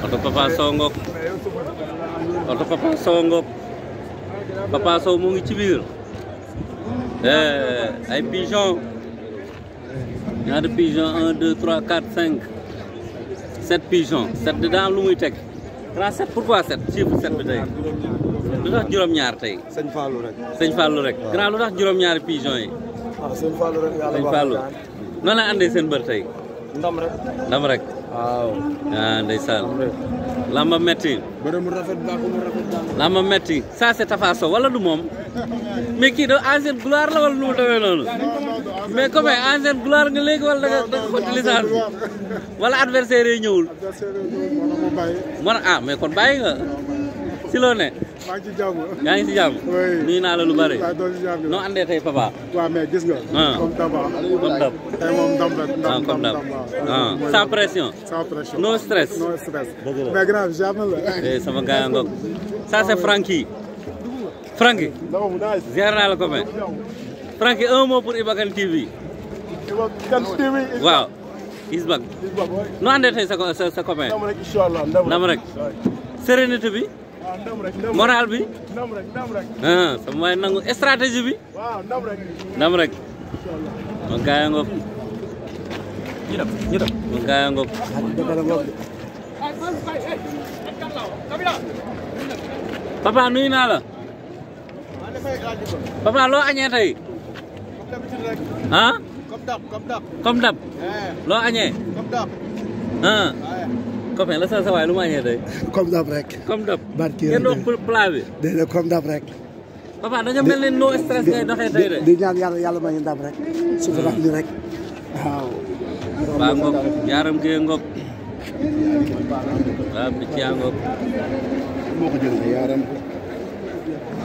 oto Papa Sow oto Papa Sow Papa Sow mu ngi ci biir eh, ay pigeon ñaari pigeon un de trois quatre cinq sept pigeon sept bi daa lu muy teg xanaa sept pourquoi sept chiffre sept bi tey lu tax juróom-ñaar tey. sëñ Fallou rek sëñ Fallou rek. waaw lu tax juróom-ñaari pigeon yi. waaw ah, sëñ Fallou rek yàlla seen bër tey. ndam rek ndam rek. waaw. ah ndeysaan. lamba metti. lamba metti ça c'est wala du moom mais kii de ancienne gloire la wala nu noonu mais comme ancienne gloire nga léegi wala da nga wala adversaire yi ñëwul. adversaire yi ñëwul ah, kon bàyyi nga si maa ngi yaa ngi ci jàmm. oui naa la lu bare. waaw doon ci tey papa. waaw pression. sans stress. no eh, sama gars ngoog ça c' est Francky. la copain. Francky un mot pour Iba TV. waaw. is back. noo andee tey sa sa sa copain. Ah, moral bi. ndam rek ndam rek. ah sama waay nangu stratégie bi. waaw ndam rek. ndam rek. kon gaa yi ngoog. ñu dem ñu dem. kon gaa yi ngoog. papa nuyu naa la. papa lo añee tey. ah. Eh. comme dab comme eh. dab. comme dab. loo añee. comme dab. ah. comme la barki ngeen doon plat de. ñaan yàlla yàlla ma ñu dab rek. rek waaw. waa Ngop jaaram kee Ngop. waa